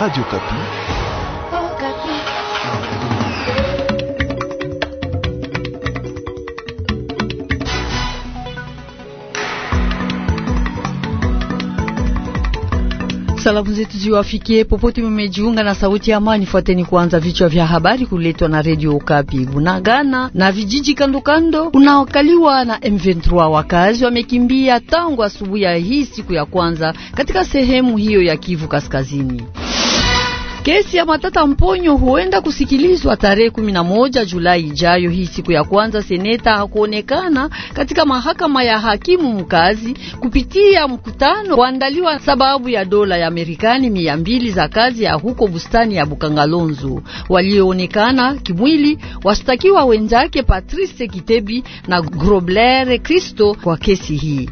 Radio Kapi. Oh, Kapi. Salamu zetu ziwafikie popote mmejiunga na sauti ya amani. Fuateni kwanza vichwa vya habari kuletwa na redio Okapi. Bunagana na vijiji kandokando unaokaliwa na M23, wakazi wamekimbia tangu asubuhi ya hii siku ya kwanza katika sehemu hiyo ya Kivu Kaskazini. Kesi ya Matata Mponyo huenda kusikilizwa tarehe 11 Julai ijayo. Hii siku ya kwanza seneta hakuonekana katika mahakama ya hakimu mkazi kupitia mkutano kuandaliwa sababu ya dola ya amerikani mia mbili za kazi ya huko bustani ya Bukangalonzo. Walioonekana kimwili washtakiwa wenzake Patrice Kitebi na Groblere Kristo kwa kesi hii.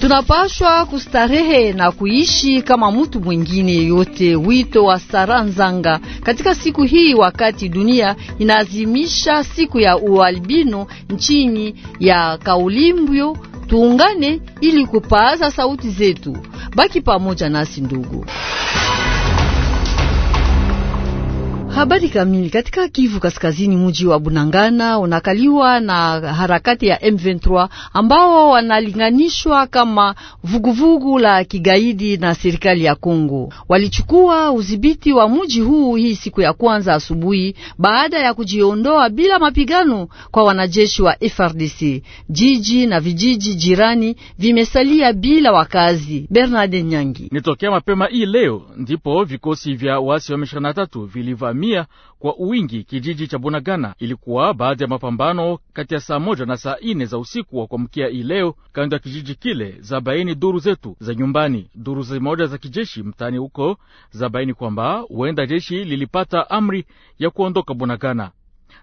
Tunapashwa kustarehe na kuishi kama mtu mwingine yote. Wito wa Saranzanga katika siku hii, wakati dunia inaazimisha siku ya ualbino nchini ya kaulimbyo tuungane ili kupaaza sauti zetu. Baki pamoja nasi ndugu. Habari kamili. Katika Kivu Kaskazini, mji wa Bunangana unakaliwa na harakati ya M23 ambao wanalinganishwa kama vuguvugu vugu la kigaidi na serikali ya Kongo. Walichukua udhibiti wa mji huu hii siku ya kwanza asubuhi baada ya kujiondoa bila mapigano kwa wanajeshi wa FRDC. Jiji na vijiji jirani vimesalia bila wakazi. Bernard Nyangi: Nitokea mapema hii leo ndipo vikosi vya wasi wa M23 vilivamia kuhamia kwa uwingi kijiji cha Bunagana. Ilikuwa baadhi ya mapambano kati ya saa moja na saa ine za usiku wa kuamkia ileo kando ya kijiji kile, za baini duru zetu za nyumbani. Duru zimoja za kijeshi mtaani huko za baini kwamba huenda jeshi lilipata amri ya kuondoka Bunagana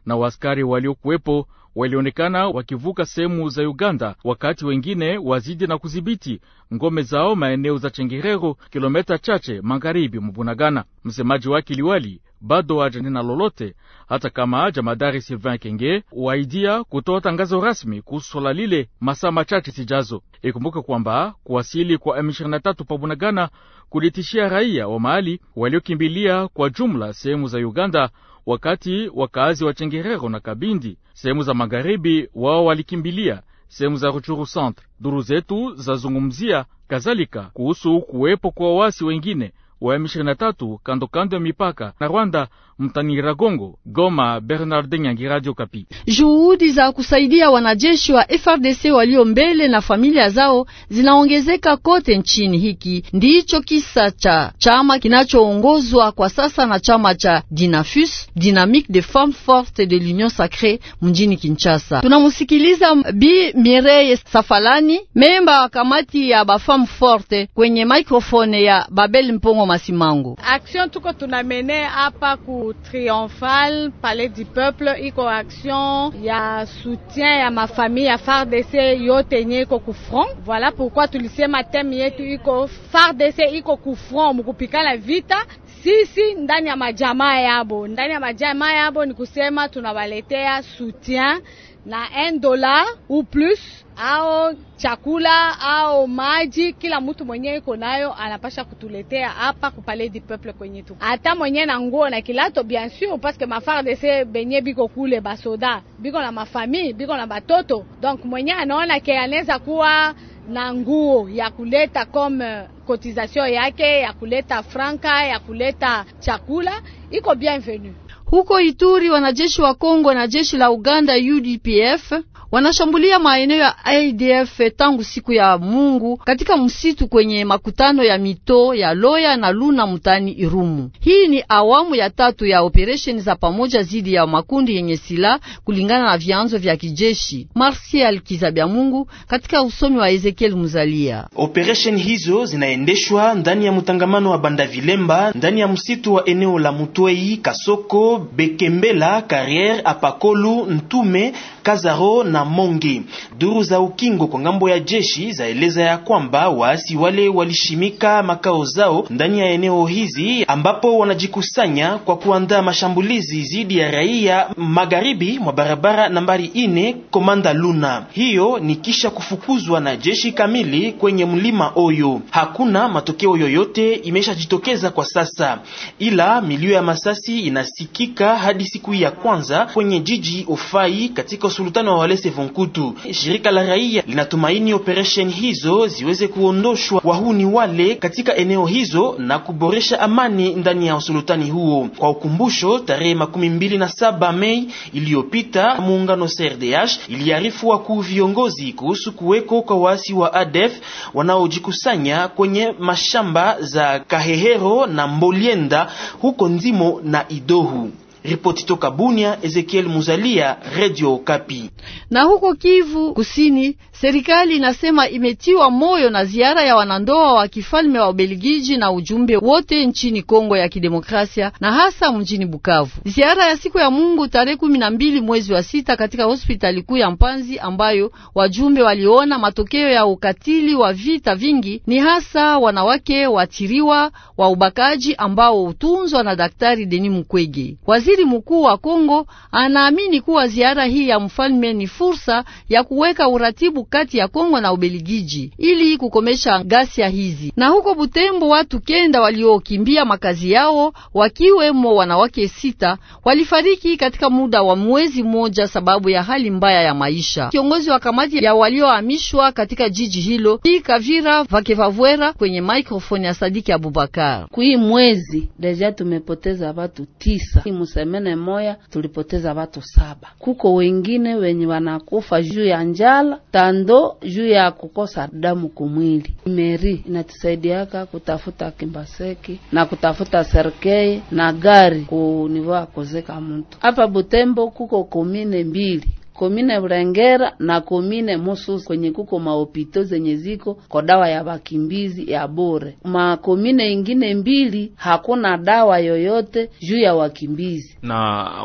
na waaskari waliokuwepo walionekana wakivuka sehemu za Uganda, wakati wengine wazidi na kudhibiti ngome zao maeneo za Chengerero, kilometa chache magharibi mwa Bunagana. Msemaji wake liwali bado hajanena lolote, hata kama madari Sylvain Kenge waidia kutoa tangazo rasmi kuhusu swala lile masaa machache sijazo. Ikumbuke kwamba kuwasili kwa M23 pabunagana kulitishia raia wa mahali waliokimbilia kwa jumla sehemu za Uganda, wakati wakaazi wa Chengerero na Kabindi sehemu za magharibi wao walikimbilia sehemu za Ruchuru Centre. Duru zetu zazungumzia kazalika kuhusu kuwepo kwa wasi wengine wa M23 kando ya mipaka na Rwanda mtani Ragongo, Goma. Bernard Nyangi, Radio Kapi. Juhudi za kusaidia wanajeshi wa FRDC walio mbele na familia zao zinaongezeka kote nchini. Hiki ndicho kisa cha chama kinachoongozwa kwa sasa na chama cha Dinafus, Dynamique des Femmes Fortes de l'Union Sacrée mjini Kinshasa. Tunamusikiliza Bi Mireye Safalani, memba wa kamati ya ba Femmes Fortes kwenye microphone ya Babel Mpongo. Masimango. Action tuko tunamene hapa ku Triomphal Palais du Peuple, iko action ya soutien ya mafamili ya FARDC yote yenye iko ku front. Voilà pourquoi tulisema theme yetu iko FARDC iko ku front mukupikana vita sisi ndani ya majamaa yabo, ndani ya majamaa yabo, ni kusema tunawaletea soutien na 1 dollar ou plus au chakula au maji, kila mtu mwenye iko nayo anapasha kutuletea hapa kupale di peuple kwenye tu, hata mwenye na nguo na kilato bien sûr, parce que mafardese benye biko kule basoda biko na mafamii biko na batoto, donc mwenye anaona ke anaweza kuwa na nguo ya kuleta comme euh, cotisation yake ya kuleta franka ya kuleta chakula iko bienvenue. Huko Ituri, wanajeshi wa Kongo na jeshi la Uganda UDPF wanashambulia maeneo ya IDF tangu siku ya Mungu katika msitu kwenye makutano ya mito ya Loya na Luna mutani Irumu. Hii ni awamu ya tatu ya operesheni za pamoja zidi ya makundi yenye sila kulingana na vyanzo vya kijeshi. Marsial Kizabya Mungu katika usomi wa Ezekiel Muzalia. Operesheni hizo zinaendeshwa ndani ya mtangamano wa Banda Vilemba ndani ya msitu wa eneo la Mutwei, Kasoko, Bekembela, Carriere, Apakolu, Ntume, Kazaro na Monge. Duru za ukingo kwa ngambo ya jeshi zaeleza ya kwamba waasi wale walishimika makao zao ndani ya eneo hizi ambapo wanajikusanya kwa kuandaa mashambulizi dhidi ya raia magharibi mwa barabara nambari ine Komanda Luna. Hiyo ni kisha kufukuzwa na jeshi kamili kwenye mlima Oyo. Hakuna matokeo yoyote imeshajitokeza kwa sasa, ila milio ya masasi inasikika hadi siku ya kwanza kwenye jiji Ofai katika usultani wa Walese Vonkutu. Shirika la raia linatumaini operesheni hizo ziweze kuondoshwa wahuni wale katika eneo hizo na kuboresha amani ndani ya usultani huo. Kwa ukumbusho, tarehe makumi mbili na saba Mei iliyopita muungano CRDH iliarifu wakuu viongozi kuhusu kuweko kwa waasi wa ADF wanaojikusanya kwenye mashamba za Kahehero na Mbolienda huko Nzimo na Idohu. Ripoti toka Bunia, Ezekiel Muzalia, Radio Kapi. Na huko Kivu Kusini, serikali inasema imetiwa moyo na ziara ya wanandoa wa kifalme wa Ubelgiji na ujumbe wote nchini Kongo ya Kidemokrasia na hasa mjini Bukavu. Ziara ya siku ya Mungu tarehe kumi na mbili mwezi wa sita katika hospitali kuu ya Mpanzi ambayo wajumbe waliona matokeo ya ukatili wa vita vingi, ni hasa wanawake watiriwa wa ubakaji ambao hutunzwa na Daktari Denis Mukwege. Waziri Waziri mkuu wa Kongo anaamini kuwa ziara hii ya mfalme ni fursa ya kuweka uratibu kati ya Kongo na ubeligiji ili kukomesha ghasia hizi. Na huko Butembo, watu kenda waliokimbia makazi yao wakiwemo wanawake sita walifariki katika muda wa mwezi mmoja sababu ya hali mbaya ya maisha. Kiongozi wa kamati ya waliohamishwa katika jiji hilo hii Kavira Vakevavwera kwenye mikrofoni ya Sadiki Abubakar. Kui mwezi deja tumepoteza watu tisa paremene moya tulipoteza watu saba. Kuko wengine wenye wanakufa juu ya njala tando juu ya kukosa damu kumwili. Meri inatusaidiaka kutafuta kimbaseki na kutafuta serkei na gari kunivoa kozeka mtu hapa Butembo. Kuko komine mbili komine Burengera na komine Mususu kwenye kuko maopito zenye ziko kwa dawa ya wakimbizi ya bure. Makomine ingine mbili hakuna dawa yoyote juu ya wakimbizi. Na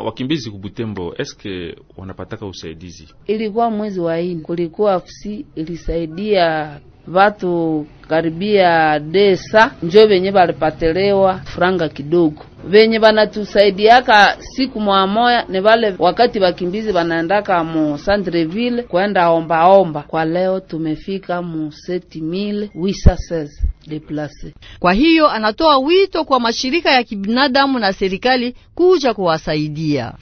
wakimbizi kubutembo eske wanapataka usaidizi? Ilikuwa mwezi wa ini kulikuwa afsi ilisaidia watu karibia desa njo venye walipatelewa franga kidogo venye vanatusaidiaka siku mwamoya ni vale wakati vakimbizi vanaendaka mu Centreville kwenda ombaomba. Kwa leo tumefika mu 7816 deplace. Kwa hiyo anatoa wito kwa mashirika ya kibinadamu na serikali kuja kuwasaidia.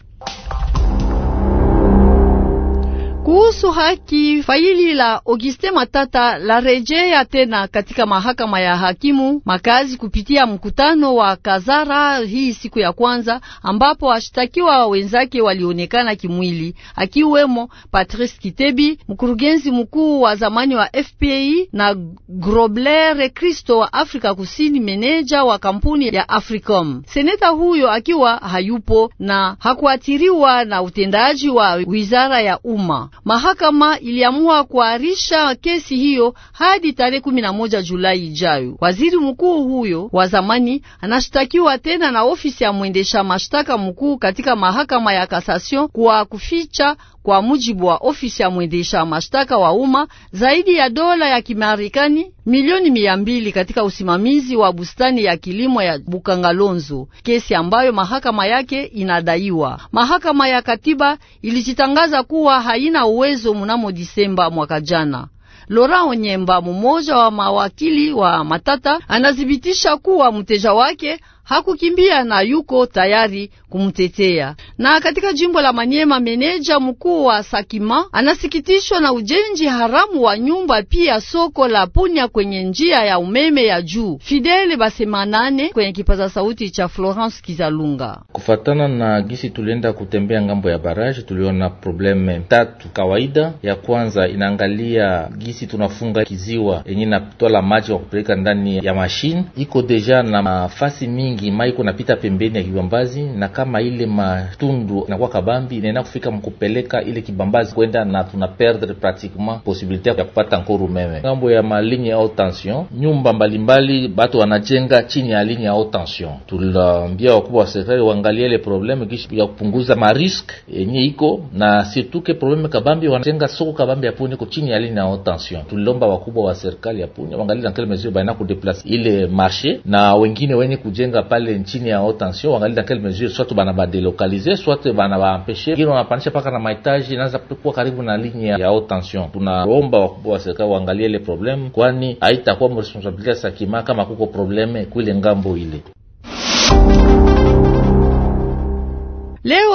Kuhusu haki, faili la Auguste Matata la rejea tena katika mahakama ya hakimu makazi kupitia mkutano wa Kazara hii siku ya kwanza, ambapo washtakiwa wenzake walionekana kimwili, akiwemo Patrice Kitebi, mkurugenzi mkuu wa zamani wa FPI na groblere Kristo wa Afrika Kusini, meneja wa kampuni ya Africom. Seneta huyo akiwa hayupo na hakuathiriwa na utendaji wa wizara ya umma. Mahakama iliamua kuarisha kesi hiyo hadi tarehe 11 Julai ijayo. Waziri mkuu huyo wa zamani anashtakiwa tena na ofisi ya mwendesha mashtaka mkuu katika mahakama ya kasasion kwa kuficha kwa mujibu wa ofisi ya mwendesha mashtaka wa umma zaidi ya dola ya Kimarekani milioni mia mbili katika usimamizi wa bustani ya kilimo ya Bukangalonzo, kesi ambayo mahakama yake inadaiwa. Mahakama ya katiba ilijitangaza kuwa haina uwezo munamo Disemba mwaka jana. Lora Onyemba, mmoja wa mawakili wa Matata, anazibitisha kuwa mteja wake hakukimbia na yuko tayari kumtetea. Na katika jimbo la Manyema, meneja mkuu wa Sakima anasikitishwa na ujenzi haramu wa nyumba pia soko la Punya kwenye njia ya umeme ya juu. Fidele Basemanane kwenye kipaza sauti cha Florence Kizalunga. Kufatana na gisi tulienda kutembea ngambo ya baraji, tuliona probleme tatu kawaida. Ya kwanza inaangalia gisi tunafunga kiziwa yenye inatola maji wa kupeleka ndani ya mashine, iko deja na mafasi mingi mingi mai kunapita pembeni ya kibambazi, na kama ile matundu inakuwa kabambi inaenda kufika mkupeleka ile kibambazi kwenda, na tuna perdre pratiquement possibilité ya kupata nkoro umeme ngambo ya maligne ya haute tension. Nyumba mbalimbali batu wanajenga chini ya ligne ya haute tension. Tuliambia wakubwa wa serikali waangalie ile probleme kisha ya kupunguza mariske yenye iko na situke probleme kabambi, wanajenga soko kabambi yapone ko chini ya ligne ya haute tension. Tulilomba wakubwa wa serikali yapone waangalie na kile mesure baina déplacer ile marché na wengine wenye kujenga kunakuwaka pale nchini ya haute tension, wangali na quelle mesure soit bana badelokalize soit bana ba baempeshe kile wanapanisha paka na mahitaji naanza kuwa karibu na linye ya haute tension. Tunaomba wakubwa wa serikali waangalie ile problemu, kwani haitakuwa mresponsabilite ya Sakima kama kuko probleme kule ngambo ile.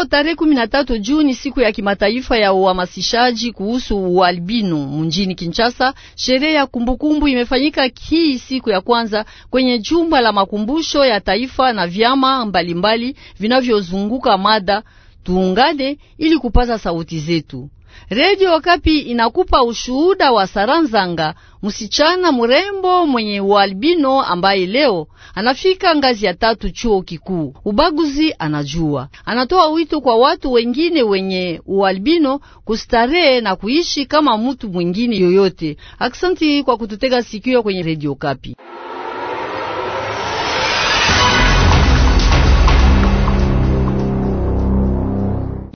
tarehe kumi na tatu Juni, siku ya kimataifa ya uhamasishaji kuhusu ualbino mjini Kinshasa, sherehe ya kumbukumbu imefanyika hii siku ya kwanza kwenye jumba la makumbusho ya taifa na vyama mbalimbali vinavyozunguka mada tuungane ili kupaza sauti zetu. Redio Okapi inakupa ushuhuda wa Saranzanga, msichana mrembo mwenye ualbino ambaye leo anafika ngazi ya tatu chuo kikuu. Ubaguzi anajua, anatoa wito kwa watu wengine wenye ualbino kustarehe na kuishi kama mutu mwingine yoyote. Aksanti kwa kututega sikio kwenye Redio Okapi.